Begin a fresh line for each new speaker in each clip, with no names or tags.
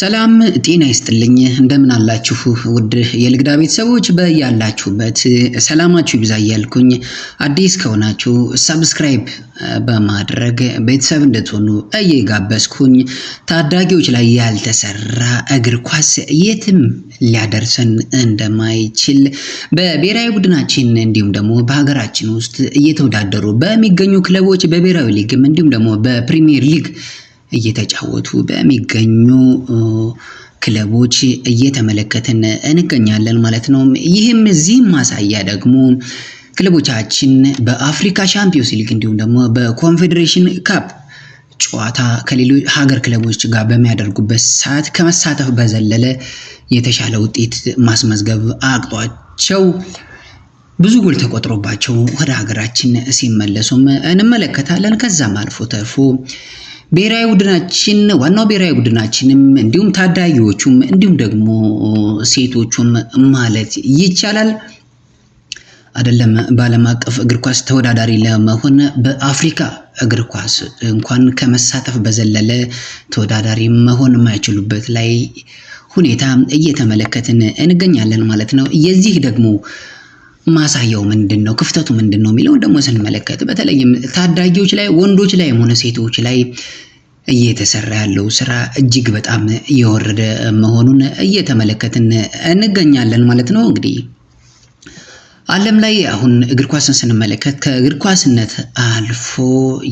ሰላም ጤና ይስጥልኝ። እንደምን አላችሁ ውድ የልግዳ ቤተሰቦች፣ በያላችሁበት ሰላማችሁ ይብዛ እያልኩኝ አዲስ ከሆናችሁ ሰብስክራይብ በማድረግ ቤተሰብ እንድትሆኑ እየጋበዝኩኝ ታዳጊዎች ላይ ያልተሰራ እግር ኳስ የትም ሊያደርሰን እንደማይችል በብሔራዊ ቡድናችን እንዲሁም ደግሞ በሀገራችን ውስጥ እየተወዳደሩ በሚገኙ ክለቦች በብሔራዊ ሊግም እንዲሁም ደግሞ በፕሪሚየር ሊግ እየተጫወቱ በሚገኙ ክለቦች እየተመለከትን እንገኛለን ማለት ነው። ይህም እዚህ ማሳያ ደግሞ ክለቦቻችን በአፍሪካ ሻምፒዮንስ ሊግ እንዲሁም ደግሞ በኮንፌዴሬሽን ካፕ ጨዋታ ከሌሎች ሀገር ክለቦች ጋር በሚያደርጉበት ሰዓት ከመሳተፍ በዘለለ የተሻለ ውጤት ማስመዝገብ አቅጧቸው ብዙ ጎል ተቆጥሮባቸው ወደ ሀገራችን ሲመለሱም እንመለከታለን። ከዛም አልፎ ተርፎ ብሔራዊ ቡድናችን ዋናው ብሔራዊ ቡድናችንም እንዲሁም ታዳጊዎቹም እንዲሁም ደግሞ ሴቶቹም ማለት ይቻላል አይደለም በዓለም አቀፍ እግር ኳስ ተወዳዳሪ ለመሆን በአፍሪካ እግር ኳስ እንኳን ከመሳተፍ በዘለለ ተወዳዳሪ መሆን የማይችሉበት ላይ ሁኔታ እየተመለከትን እንገኛለን ማለት ነው። የዚህ ደግሞ ማሳያው ምንድን ነው? ክፍተቱ ምንድን ነው የሚለውን ደግሞ ስንመለከት በተለይም ታዳጊዎች ላይ ወንዶች ላይም ሆነ ሴቶች ላይ እየተሰራ ያለው ስራ እጅግ በጣም የወረደ መሆኑን እየተመለከትን እንገኛለን ማለት ነው። እንግዲህ ዓለም ላይ አሁን እግር ኳስን ስንመለከት ከእግር ኳስነት አልፎ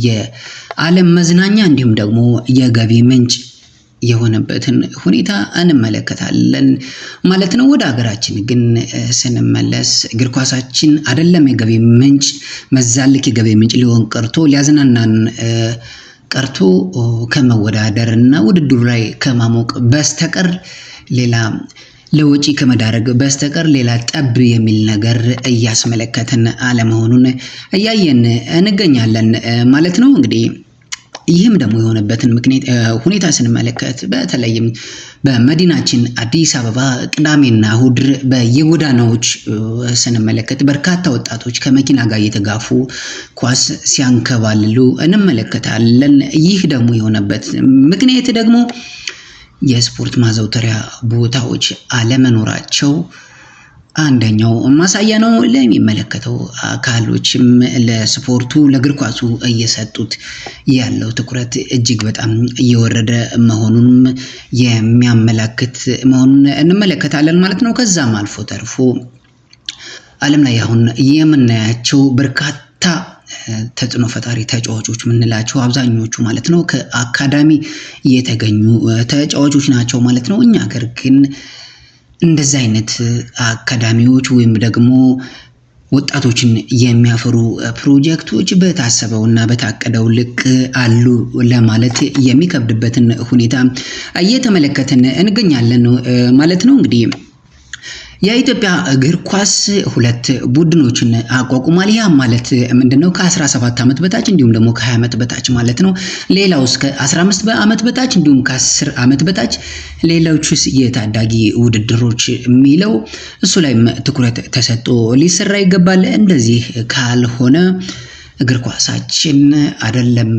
የዓለም መዝናኛ እንዲሁም ደግሞ የገቢ ምንጭ የሆነበትን ሁኔታ እንመለከታለን ማለት ነው። ወደ ሀገራችን ግን ስንመለስ እግር ኳሳችን አይደለም የገቢ ምንጭ መዛልክ የገቢ ምንጭ ሊሆን ቀርቶ ሊያዝናናን ቀርቶ ከመወዳደር እና ውድድሩ ላይ ከማሞቅ በስተቀር ሌላ ለውጪ ከመዳረግ በስተቀር ሌላ ጠብ የሚል ነገር እያስመለከትን አለመሆኑን እያየን እንገኛለን ማለት ነው እንግዲህ ይህም ደግሞ የሆነበትን ምክንያት ሁኔታ ስንመለከት በተለይም በመዲናችን አዲስ አበባ ቅዳሜና እሁድ በየጎዳናዎች ስንመለከት በርካታ ወጣቶች ከመኪና ጋር እየተጋፉ ኳስ ሲያንከባልሉ እንመለከታለን። ይህ ደግሞ የሆነበት ምክንያት ደግሞ የስፖርት ማዘውተሪያ ቦታዎች አለመኖራቸው አንደኛው ማሳያ ነው። ለሚመለከተው አካሎችም ለስፖርቱ ለእግር ኳሱ እየሰጡት ያለው ትኩረት እጅግ በጣም እየወረደ መሆኑንም የሚያመላክት መሆኑን እንመለከታለን ማለት ነው። ከዛም አልፎ ተርፎ ዓለም ላይ አሁን የምናያቸው በርካታ ተጽዕኖ ፈጣሪ ተጫዋቾች የምንላቸው አብዛኞቹ ማለት ነው ከአካዳሚ የተገኙ ተጫዋቾች ናቸው ማለት ነው። እኛ ገር ግን እንደዚህ አይነት አካዳሚዎች ወይም ደግሞ ወጣቶችን የሚያፈሩ ፕሮጀክቶች በታሰበው እና በታቀደው ልክ አሉ ለማለት የሚከብድበትን ሁኔታ እየተመለከትን እንገኛለን ማለት ነው እንግዲህ የኢትዮጵያ እግር ኳስ ሁለት ቡድኖችን አቋቁሟል። ያ ማለት ምንድነው? ከ17 ዓመት በታች እንዲሁም ደግሞ ከ20 ዓመት በታች ማለት ነው። ሌላው እስከ 15 ዓመት በታች እንዲሁም ከ10 ዓመት በታች ሌሎቹስ የታዳጊ ውድድሮች የሚለው እሱ ላይም ትኩረት ተሰጥቶ ሊሰራ ይገባል። እንደዚህ ካልሆነ እግር ኳሳችን አይደለም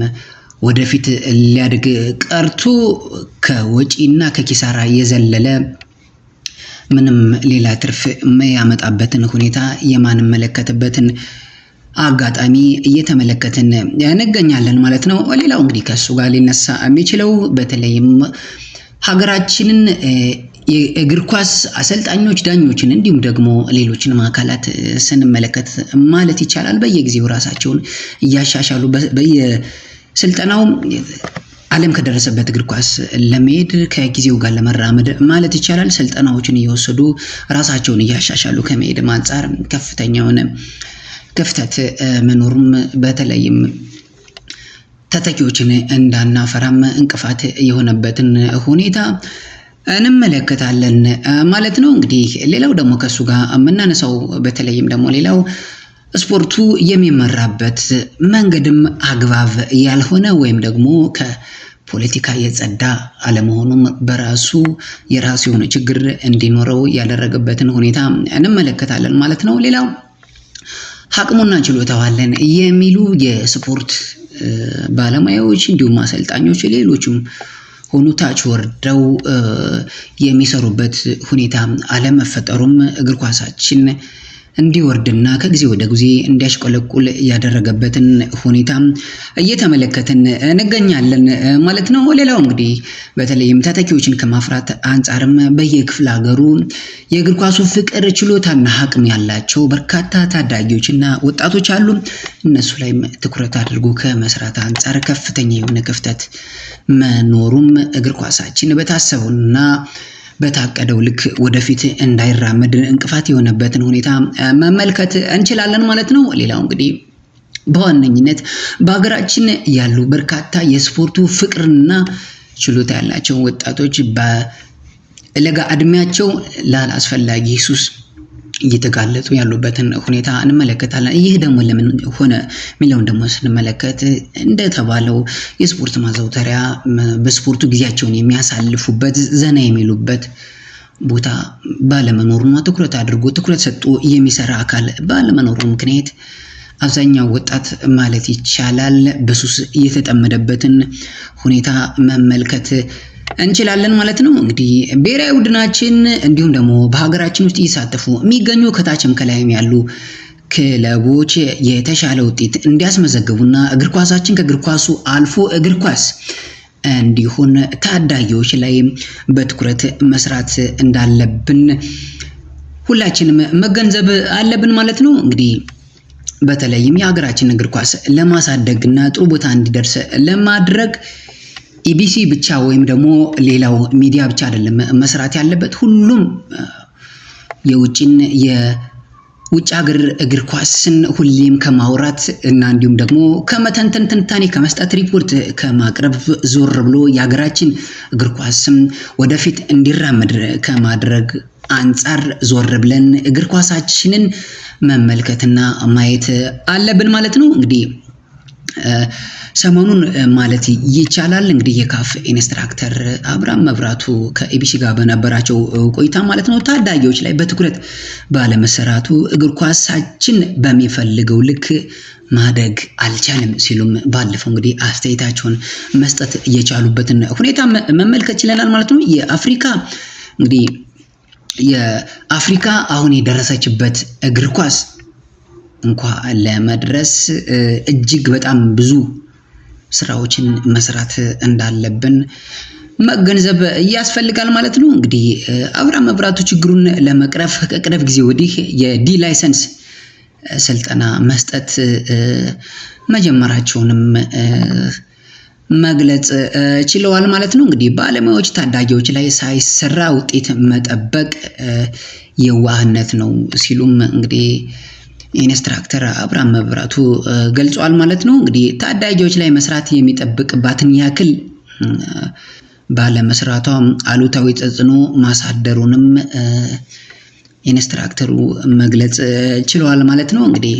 ወደፊት ሊያድግ ቀርቶ ከወጪና ከኪሳራ የዘለለ ምንም ሌላ ትርፍ የሚያመጣበትን ሁኔታ የማንመለከትበትን አጋጣሚ እየተመለከትን እንገኛለን ማለት ነው። ሌላው እንግዲህ ከሱ ጋር ሊነሳ የሚችለው በተለይም ሀገራችንን የእግር ኳስ አሰልጣኞች፣ ዳኞችን እንዲሁም ደግሞ ሌሎችንም አካላት ስንመለከት ማለት ይቻላል በየጊዜው ራሳቸውን እያሻሻሉ በየስልጠናው ዓለም ከደረሰበት እግር ኳስ ለመሄድ ከጊዜው ጋር ለመራመድ ማለት ይቻላል ስልጠናዎችን እየወሰዱ ራሳቸውን እያሻሻሉ ከመሄድም አንጻር ከፍተኛውን ክፍተት መኖሩም በተለይም ተተኪዎችን እንዳናፈራም እንቅፋት የሆነበትን ሁኔታ እንመለከታለን ማለት ነው። እንግዲህ ሌላው ደግሞ ከእሱ ጋር የምናነሳው በተለይም ደግሞ ሌላው ስፖርቱ የሚመራበት መንገድም አግባብ ያልሆነ ወይም ደግሞ ፖለቲካ የጸዳ አለመሆኑም በራሱ የራሱ የሆነ ችግር እንዲኖረው ያደረገበትን ሁኔታ እንመለከታለን ማለት ነው። ሌላው አቅሙና ችሎታው አለን የሚሉ የስፖርት ባለሙያዎች እንዲሁም አሰልጣኞች ሌሎችም ሆኑ ታች ወርደው የሚሰሩበት ሁኔታ አለመፈጠሩም እግር ኳሳችን እንዲወርድና ከጊዜ ወደ ጊዜ እንዲያሽቆለቁል ያደረገበትን ሁኔታ እየተመለከትን እንገኛለን ማለት ነው። ሌላው እንግዲህ በተለይም ተተኪዎችን ከማፍራት አንጻርም በየክፍለ ሀገሩ የእግር ኳሱ ፍቅር፣ ችሎታና አቅም ያላቸው በርካታ ታዳጊዎችና ወጣቶች አሉ። እነሱ ላይም ትኩረት አድርጎ ከመስራት አንጻር ከፍተኛ የሆነ ክፍተት መኖሩም እግር ኳሳችን በታሰበውና በታቀደው ልክ ወደፊት እንዳይራመድ እንቅፋት የሆነበትን ሁኔታ መመልከት እንችላለን ማለት ነው። ሌላው እንግዲህ በዋነኝነት በሀገራችን ያሉ በርካታ የስፖርቱ ፍቅርና ችሎታ ያላቸው ወጣቶች በለጋ እድሜያቸው ላላስፈላጊ ሱስ እየተጋለጡ ያሉበትን ሁኔታ እንመለከታለን። ይህ ደግሞ ለምን ሆነ የሚለውን ደግሞ ስንመለከት እንደተባለው የስፖርት ማዘውተሪያ በስፖርቱ ጊዜያቸውን የሚያሳልፉበት ዘና የሚሉበት ቦታ ባለመኖሩና ትኩረት አድርጎ ትኩረት ሰጥቶ የሚሰራ አካል ባለመኖሩ ምክንያት አብዛኛው ወጣት ማለት ይቻላል በሱስ የተጠመደበትን ሁኔታ መመልከት እንችላለን ማለት ነው። እንግዲህ ብሔራዊ ቡድናችን እንዲሁም ደግሞ በሀገራችን ውስጥ እየሳተፉ የሚገኙ ከታችም ከላይም ያሉ ክለቦች የተሻለ ውጤት እንዲያስመዘግቡና እግር ኳሳችን ከእግር ኳሱ አልፎ እግር ኳስ እንዲሆን ታዳጊዎች ላይ በትኩረት መስራት እንዳለብን ሁላችንም መገንዘብ አለብን ማለት ነው። እንግዲህ በተለይም የሀገራችን እግር ኳስ ለማሳደግ እና ጥሩ ቦታ እንዲደርስ ለማድረግ ኢቢሲ ብቻ ወይም ደግሞ ሌላው ሚዲያ ብቻ አይደለም መስራት ያለበት። ሁሉም የውጭን የውጭ ሀገር እግር ኳስን ሁሌም ከማውራት እና እንዲሁም ደግሞ ከመተንተን ትንታኔ ከመስጠት ሪፖርት ከማቅረብ ዞር ብሎ የሀገራችን እግር ኳስም ወደፊት እንዲራመድ ከማድረግ አንጻር ዞር ብለን እግር ኳሳችንን መመልከትና ማየት አለብን ማለት ነው እንግዲህ ሰሞኑን ማለት ይቻላል እንግዲህ የካፍ ኢንስትራክተር አብርሃም መብራቱ ከኢቢሲ ጋር በነበራቸው ቆይታ ማለት ነው ታዳጊዎች ላይ በትኩረት ባለመሰራቱ እግር ኳሳችን በሚፈልገው ልክ ማደግ አልቻለም ሲሉም ባለፈው እንግዲህ አስተያየታቸውን መስጠት የቻሉበትን ሁኔታ መመልከት ችለናል ማለት ነው። የአፍሪካ እንግዲህ የአፍሪካ አሁን የደረሰችበት እግር ኳስ እንኳ ለመድረስ እጅግ በጣም ብዙ ስራዎችን መስራት እንዳለብን መገንዘብ ያስፈልጋል ማለት ነው። እንግዲህ አብራ መብራቱ ችግሩን ለመቅረፍ ከቅርብ ጊዜ ወዲህ የዲ ላይሰንስ ስልጠና መስጠት መጀመራቸውንም መግለጽ ችለዋል ማለት ነው። እንግዲህ ባለሙያዎች ታዳጊዎች ላይ ሳይሰራ ውጤት መጠበቅ የዋህነት ነው ሲሉም እንግዲህ ኢንስትራክተር አብርሃም መብራቱ ገልጿል ማለት ነው። እንግዲህ ታዳጊዎች ላይ መስራት የሚጠብቅባትን ያክል ባለመስራቷ አሉታዊ ተጽዕኖ ማሳደሩንም ኢንስትራክተሩ መግለጽ ችለዋል ማለት ነው። እንግዲህ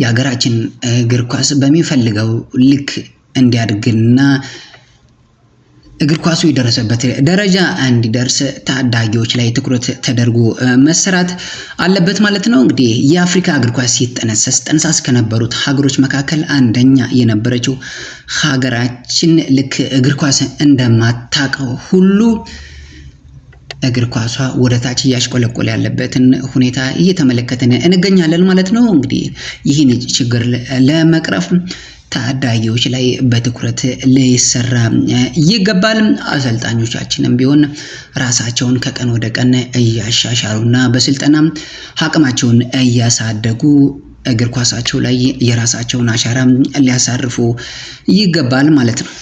የሀገራችን እግር ኳስ በሚፈልገው ልክ እንዲያድግና እግር ኳሱ የደረሰበት ደረጃ እንዲደርስ ታዳጊዎች ላይ ትኩረት ተደርጎ መሰራት አለበት ማለት ነው። እንግዲህ የአፍሪካ እግር ኳስ ሲጠነሰስ ጠንሳስ ከነበሩት ሀገሮች መካከል አንደኛ የነበረችው ሀገራችን ልክ እግር ኳስ እንደማታውቀው ሁሉ እግር ኳሷ ወደ ታች እያሽቆለቆለ ያለበትን ሁኔታ እየተመለከትን እንገኛለን ማለት ነው። እንግዲህ ይህን ችግር ለመቅረፍ ታዳጊዎች ላይ በትኩረት ሊሰራ ይገባል። አሰልጣኞቻችንም ቢሆን ራሳቸውን ከቀን ወደ ቀን እያሻሻሉና በስልጠና አቅማቸውን እያሳደጉ እግር ኳሳቸው ላይ የራሳቸውን አሻራ ሊያሳርፉ ይገባል ማለት ነው።